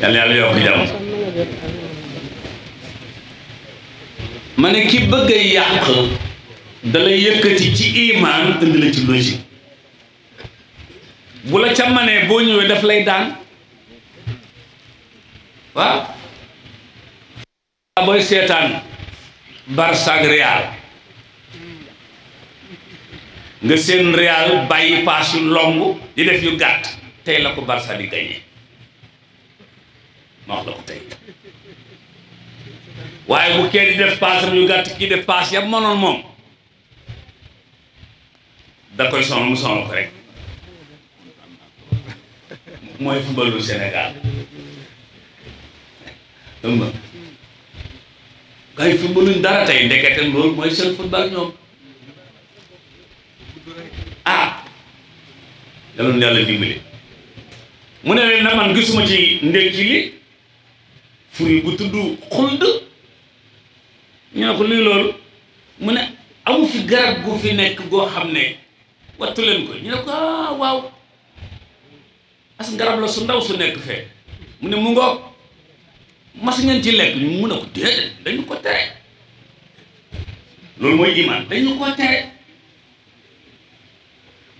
yal na yàlla yokk jàmm ma ki bëgg a yàq da yëkkati ci imaan indi la ci logique bu la ca manee boo ñëwee daf lay daan waaw booy seetaan Barça ak nga seen Real bàyyi paas yu long di def yu gàtt tey la ko Barça di gagné ma la ko tey waaye bu kenn di def paasam yu gàtt kii def paas yam moom da koy mu sonal ko rek mooy football bu Sénégal xam nga kay footballuñ tey ndekete loolu mooy seen football ñoom ah yàlla na yàlla mu ne leen na man gisuma ci ndekki li fruit bu tudd xuld ñu ne ko lii loolu mu ne amu fi garab gu fi nekk goo xam ne wattu leen ko ñu ne ko ah waaw as garab la su ndaw su nekk fee mu ne mu ngoog mas ngeen ci lekk ñu mun a ko déedéet dañu ko tere loolu mooy iman dañu ko tere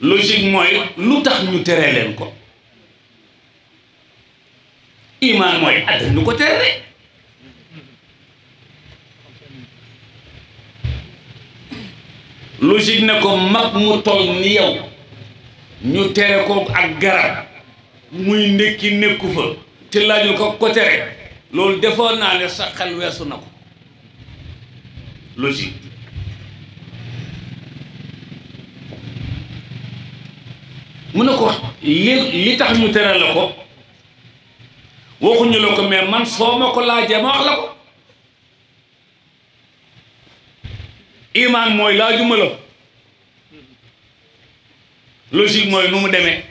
logique mooy lu tax ñu tere leen ko iman mooy àddina du ko tere de logique na ko mag mu toll ni yow ñu tere ko ak garab muy ndékki nekku fa te laajul ko ko tere loolu defoon naa ne sa xel weesu na ko logique mun na ko li li tax ñu tere la ko waxuñu la ko mais man soo ma ko laajee ma la ko imaan mooy laajuma la logique mooy nu mu demee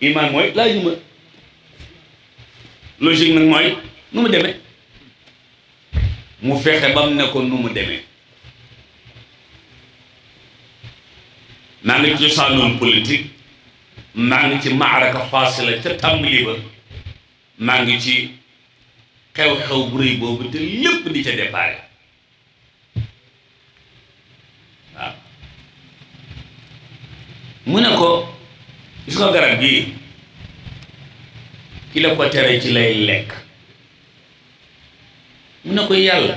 imaan mooy laajuma logique nag mooy nu mu demee mu fexe bam ne ko nu mu demee maa ngi cosaanoon politique maa ngi ci maaraka faasila ca tàmbali ba maa ngi ci xew-xew bu rëy boobu te lépp di ca déparé mu ne ko gis nga garab gii kila la ko tere ci lay lekk mu na ko yàlla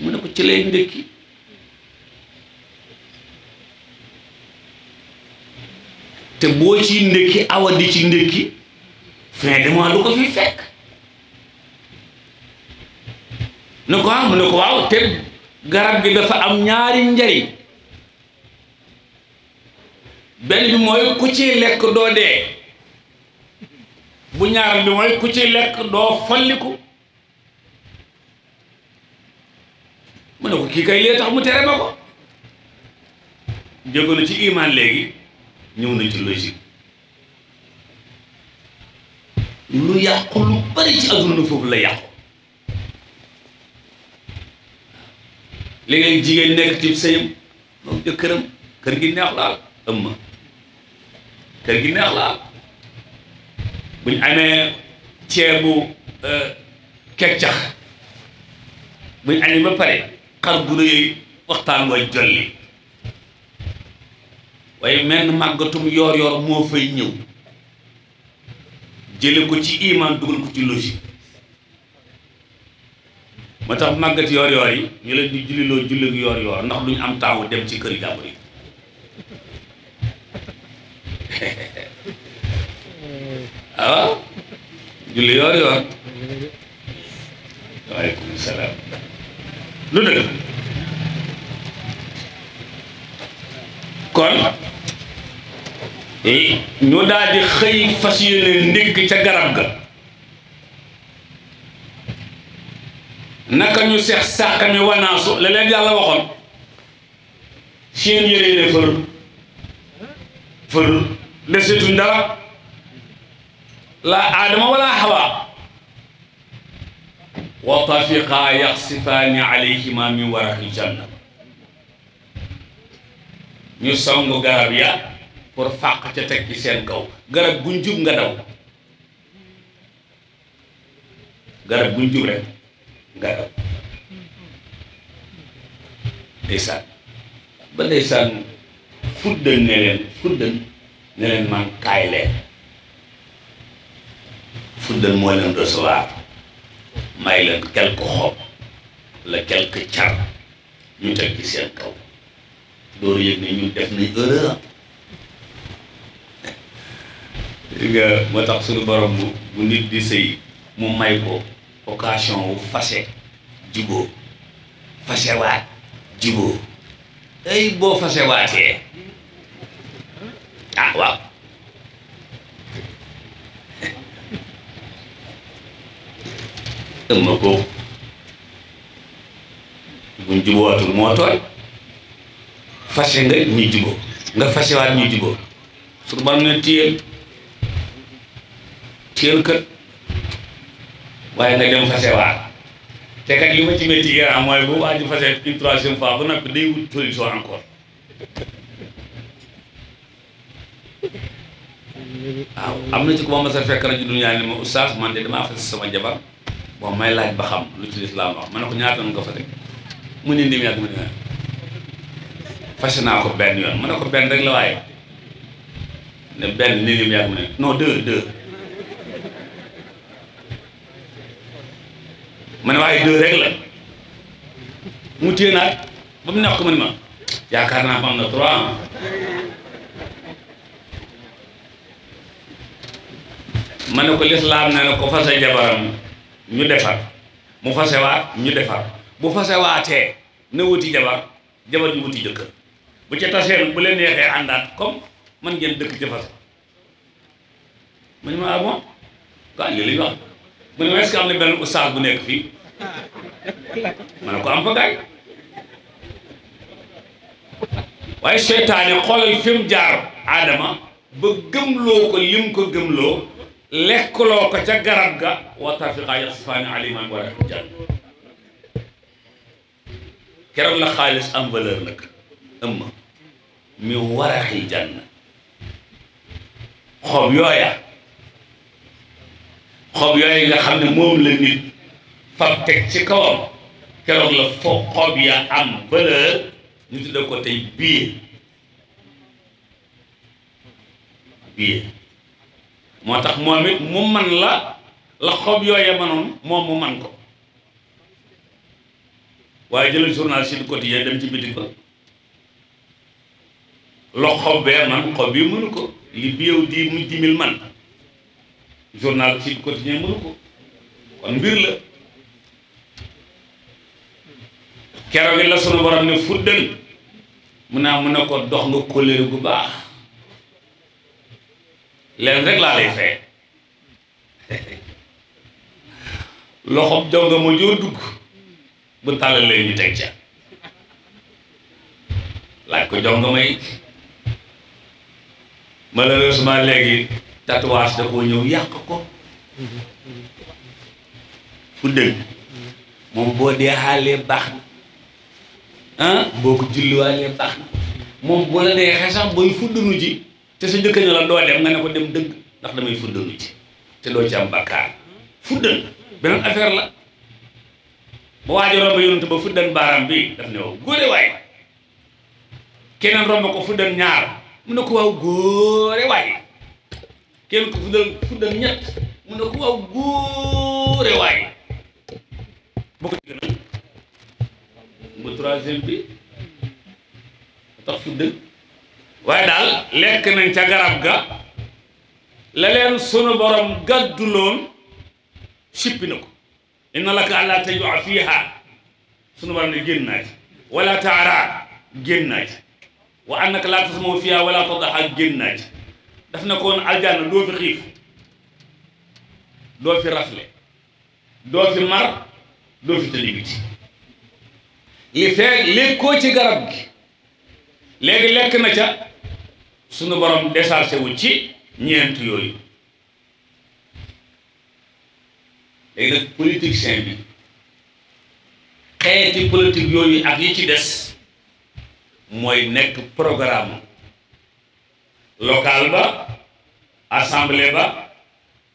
mu ne ko ci lay ndëkki te boo ci ndékki awa di ci ndékki fin de mois lu ko fi fekk ne ko ah mu ne ko waaw te garab gi dafa am ñaari njariñ benn bi mooy ku ci lekk doo dee bu ñaaral bi mooy ku ci lekk doo folliku mu ne ko kii kay lee tax mu tere ma ko jógoon ci imaan léegi ñëw nañ ci logique lu yàqu lu bari ci adduna foofu la yàqu léeg-léeg jigéen nekk ci sëyam moom jëkkëram kër gi neex laal ëmm kër gi neex laal buñ amee ceebu euh, keccax buñ amee ba pare xar bu rëy waxtaan wa jolli waaye menn màggatum yoor yoor moo fay ñëw jële ko ci iman dugal ko ci logique moo tax màggat yoor yoor yi ñu leen di julliloo jullig yoor yoor ndax duñu am taawu dem ci kër jàmbur yi waaw ah, julli yoor yoor waaleykum salaam lu dëgg kon Eh, ñu daal di xëy fas yéene ndégg ca garab ga naka ñu seex sàq mi wanaasu la leen yàlla waxoon seen yére ne fër fër desetuñ dara la aadama wala xawa wa tafiqa yaxsifaani alayhima min waraqil janna ñu sangu garab ya pour fàq ca teg ci seen kaw garab guñ jub nga daw garab guñ jub rek nga daw ndeysaan ba ndeysaan fuddën ne leen fuddën ne leen man kaay leen fuddën moo leen recevoir may leen quelque xob la quelque car ñu teg ci seen kaw dooru yëg ne ñu def nañ erreur nga moo tax suñu borom bu nit di sëy mu may ko occasion fase juboo fasewaat juboo ay boo fasewaatee ah waaw ëmma ko buñ jubootul moo tooñ fase nga ñu juboo nga fasewaat ñu juboo suñu borom ne téyel teel kët waaye nga dem fasewaat te kat li ma ci métti Iran mooy bu waa ji fase une troisième fois ba noppi day wut solution encore waaw am na ci ku ma mas a fekk rajo dunia ma oustaz man de damaa fase sama jabar bon may laaj ba xam lu ci lislaam wax ma ne ko ñaata nga fase mu ne nim yàgg ma ne ah. fase naa ko benn yoon ma ne ko benn rek la waaye ne benn ni nim yàgg mu ne non deux deux ne waaye deux rek la mu téye naag ba mu nekk man ma yaakaar naa fa na trois ma ne ko lislaam ne na ko fase jabaram ñu defar mu fasewaat ñu defar bu fasewaatee na wuti jabar jabar ñu wuti jëkkër bu ca taseen bu leen neexee àndaat comme man ngeen dëkk ci fase ma ne ma ah bon waaw li wax ne ma est am na benn ustaas bu nekk fii ma ne ko am pagaay waaye seytaane xoolal fi mu jaar aadama ba gëmloo ko lim ko gëmloo lekkloo ko ca garab ga wa tafiqa yaxsifaani alayhimaa wa jann keroog xaalis am valeur nag ëmma mi waraxil jann xob yooya xob yooyu nga xam ne moom la fab teg ci kawam keroog la fo xob ya am bëlër ñu tudde ko tey bii biir moo tax moom mu man la la xob yooya manoon moom mu man ko waaye jëlal journal Sud Quotidien dem ci bitik ba lo xob bee man xob yi mënu ko li biyew di mu dimil man journal Sud Quotidien mënu ko kon mbir la keroog it la sunu borom ne fuddal mun naa ah, mun na ko dox nga kóllëre gu baax leen rek laa lay fay loxob jonga ma joo dugg bu tàllal leen teg ca laaj ko jonga may malheureusement léegi tatouage da koo ñëw yàq ko mm-hmm. fuddal mm-hmm. moom boo dee xaalee baax ah boo ko julliwaayee baax moom bu la neexee booy fuddanu ji te sa njëkk ne la doo dem nga ne ko dem dëgg ndax damay fuddanu ji te doo ci am bàkkaar fuddan beneen affaire la ba waajo romb yonent ba fuddan baaraam bi daf ne waaw góore waay keneen romb ko fuddan ñaar mu ne ko waaw góore waay ba troisième bi tax fu dëgg waaye daal lekk nañ ca garab ga la leen sunu borom gàdduloon sippi na ko inna laka allaa tajua fiiha sunu borom ne génn naa ci wala taara génn naa ci wa annaka laa tasmaw fiiha wala tadaxa génn naa ci daf na ko woon aljanna doo fi xiif doo fi rafle doo fi mar doo fi tëlibiti li feeg lekkoo ci garab gi léegi lekk na ca sunu borom déchargé wu ci ñeent yooyu léegi nag politicien bi xeeti politique yooyu ak yi ci des mooy nekk programme local ba assemblée ba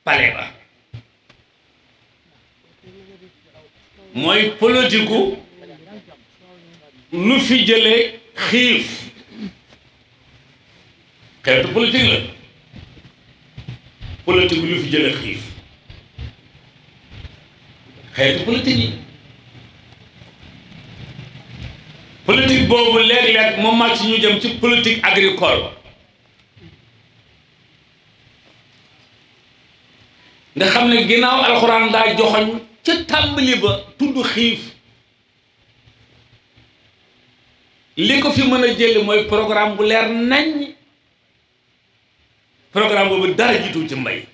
palais ba mooy politique lu fi jëlee xiif xeetu politique la politique bi nu fi jëlee xiif xeetu politique yi boobu léeg-léeg moom màcc ñu jëm ci politique agricole nga xam ne ginnaaw alxuraan daa joxoñ ca tàmbali tudd xiif li ko fi mën a jëli mooy programme bu leer nañ programme boobu dara jiitu ci mbay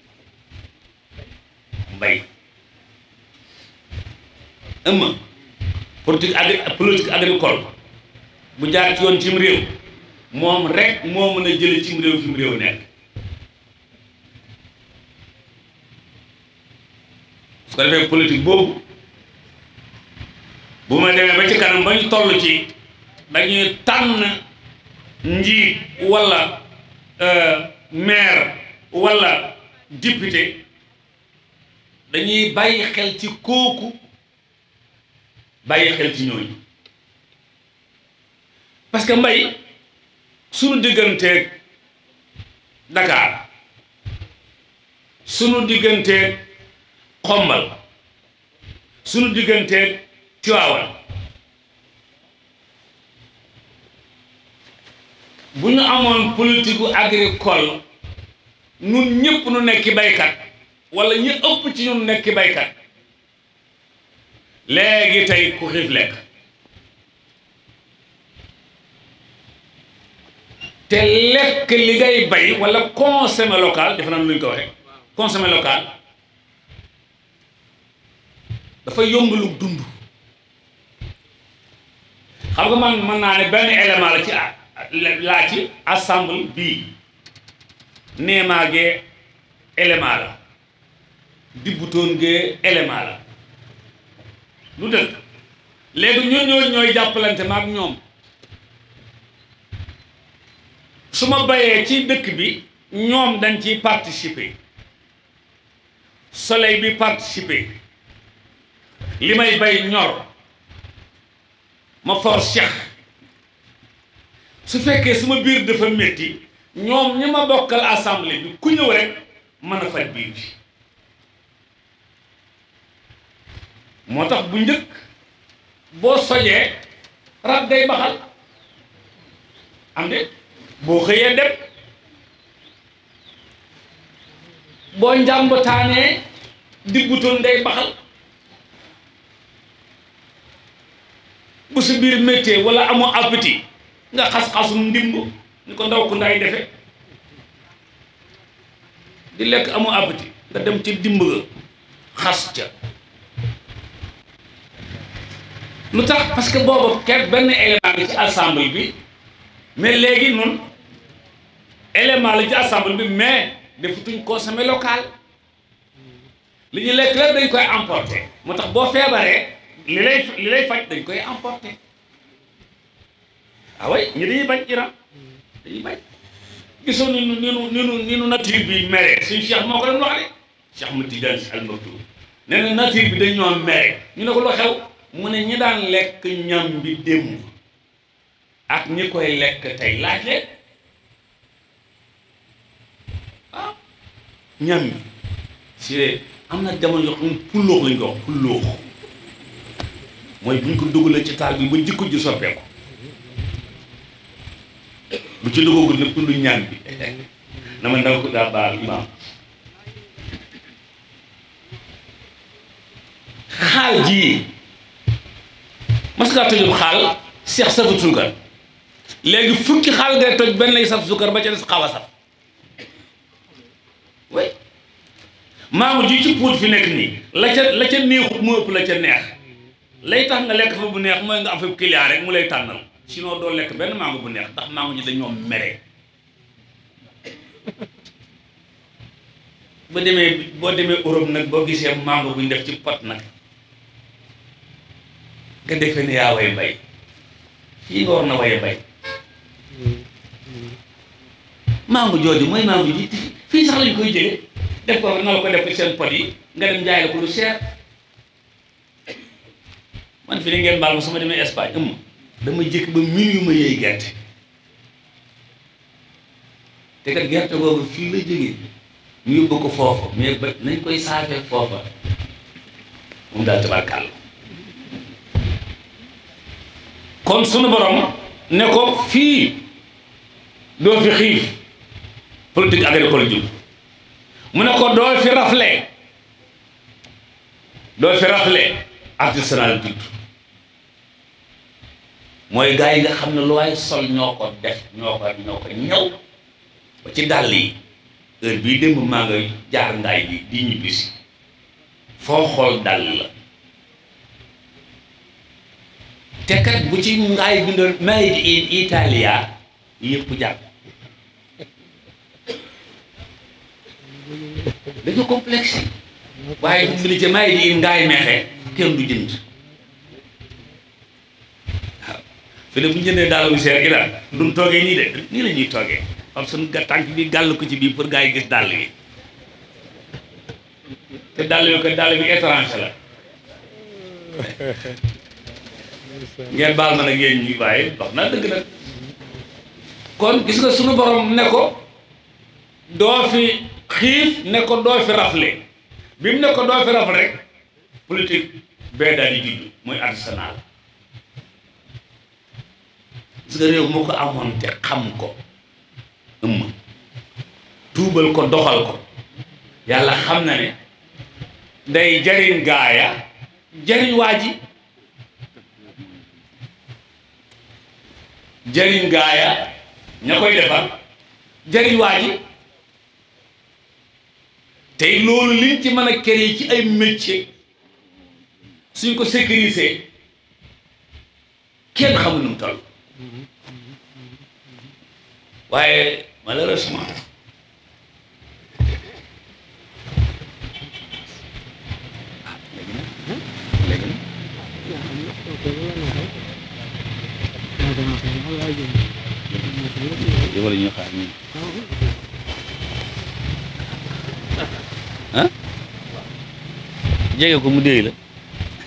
mbay ëmma politique agri agricole bu jaar ci yoon cim réew moom rek moo mën a jële cim réew fi mu réew nekk su ko defee politique boobu bu ma demee ba ci kanam ba ñu toll ci dañuy tànn njiit walla euh, maire walla député dañuy bàyyi xel ci kooku bàyyi xel ci ñooñu parce que mbay sunu digganteeg Dakar sunu digganteeg Xombal sunu digganteeg Tiwaawan bu ñu amoon politique agricole ñun ñëpp nu nekki baykat wala ñu ëpp ci nekk ki baykat léegi tey ku xiif lekk te lekk li ngay bay wala consommer local defe naa lu ñu ko waxee dafa yombalu dund xam nga man mën naa ne benn élément la ci aar laa ci assemble bi néemaa gee élément la dibbutoon gee élément la lu dëkk léegi ñoo ñooñu ñooy jàppalante ma ak ñoom su ma bayee ci dëkk bi ñoom dañ ci participer soleil bi participer li may bay ñor ma for su fekkee suma biir dafa métti ñoom ñi ma bokkal assemblée bi ku ñëw mën a faj biir moo tax bu njëkk boo sojee rab day baxal am de boo xëyee dem boo njàmbataanee diggutoon day baxal bu su biir méttee wala amoo appétit nga xas-xasum ndimb ni ko ndaw ku ndaay defe di lekk amu appétit nga dem ci dimb ga xas ca lu tax parce que booba kenn benn élément la ci assemblée bi mais léegi nun élément la ci assemblée bi mais defutuñ consommé local li ñu lekk lépp dañ koy emporter moo tax boo feebaree li lay li lay faj dañ koy emporter ah way ñu dañuy bañ Iran dañuy bañ gisoon ni nu ni nu ni bi meree suñu cheikh moo ko doon wax de cheikh mu Tijaan si almaktoum nee na nature bi dañoo mere ñu ne ko lu xew mu ne ñu daan lekk ñam bi démb ak ñi koy lekk tey laaj leen ah ñam bi si am na jamono yoo xam ne lañ ko wax pulloox mooy buñ ko dugalee ci taal bi ba jikko ji soppeeku bu ci duggagul nag tudd ñaan bi na ma ndaw ko daa baal imaam xaal ji mas ngaa tojub xaal seex safu suukar léegi fukki xaal ngay toj benn lay saf suukar ba ca des xaw a saf way maamu ji ci puut fi nekk nii la ca la ca mu ëpp la ca neex lay tax nga lekk fa bu neex mooy nga am fa client rek mu lay tànnal sinon doo lekk benn mango bu neex ndax mango ñi dañoo mere ba demee boo demee Europe nag boo gisee mango buñ ñu def ci pot nag nga defee ne yaa way bay fii nga war na way bay mango jooju mooy mango ji fii sax lañ koy jëlee def ko na la ko def ko seen pot yi nga dem jaay la ko lu seer man fi ne ngeen baal ma su ma demee Espagne dama jëkk ba mil yu ma yëy gerte te ga gerte boobu fii la jógee ñu yóbbu ko foofa mais ba nañ koy saafee foofa moom daal tabarkàlla kon sunu borom ne ko fii doo fi xiif politique agricole mu ne ko doo fi rafle doo fi rafle artisanal jub mooy gars yi nga xam ne lu waay sol ñoo ko def ñoo ko ñoo ko ñëw ba ci dàll yi heure bii démb maa nga jaar ngaay bi di ñibbisi foo xool dàll la te kat bu ci ngaay bindoon made in Italia yëpp jàpp dañu complexe waaye bu mu ne ca made in ngaay meexe kenn du jënd fële bu ñu jëndee daal wu seer gi daal duñ toogee nii de nii la ñuy toogee am suñu tànk bi gàll ko ci bii pour gars gis dàll bi te dàll bi ko dàll bi étrange la ngeen baal ma nag yéen ñi waaye wax naa dëgg nag kon gis nga suñu borom ne ko doo fi xiif ne ko doo fi rafle bi mu ne ko doo fi rafle rek politique bee daal di juddu muy artisanal gis nga réew ko amoon te xam ko ëmm tuubal ko doxal ko yàlla xam na ne day jariñ gaaya jariñ waa ji jariñ gaaya ña koy defar jariñ waa tey loolu liñ ci mën a créer ci ay métier suñ ko sécuriser kenn xamu nu mu waaye malheureusement ah léegi nag léegi nag jëmale ñu xaar nii ah jege ko mu déy la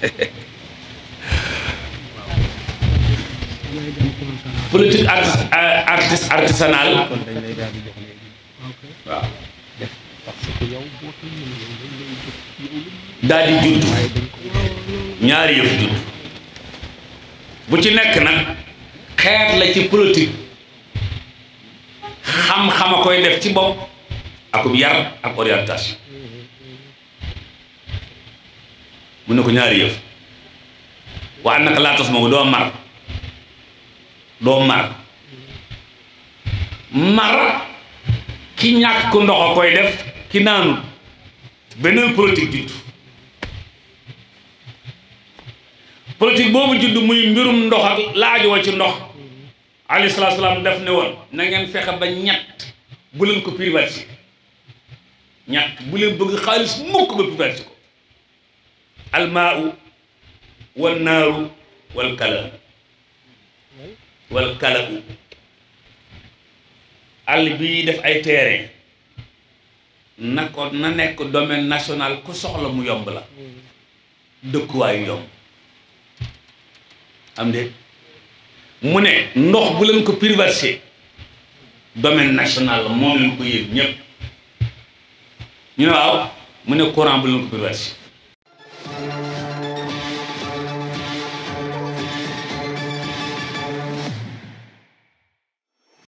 politique euh, artiste artisanal waaw daal di judd ñaari yëf judd bu ci nekk nag xeet la ci politique xam a koy def ci bopp akub yar ak orientation mu ne ko ñaari yëf waa naka laa tos mar mar ki ñàkk ndox a koy def ki naanut beneen politique juddu politique boobu juddu muy mbirum ndox ak laajoo ci ndox alayhi salaatu salaam def ne woon na ngeen fexe ba ñett bu leen ko privatiser ñett bu leen bëgg xaalis mukk ba privatiser ko almaau wal naaru wal kala wal kala àll bi ñuy def ay terrain na ko na nekk domaine national ku soxla mu yomb la dëkkuwaayu yomb am de mu ne ndox bu leen ko privatisé domaine national la moom leen ko yëg ñépp ñu ne waaw mu ne courant bu leen ko privatisé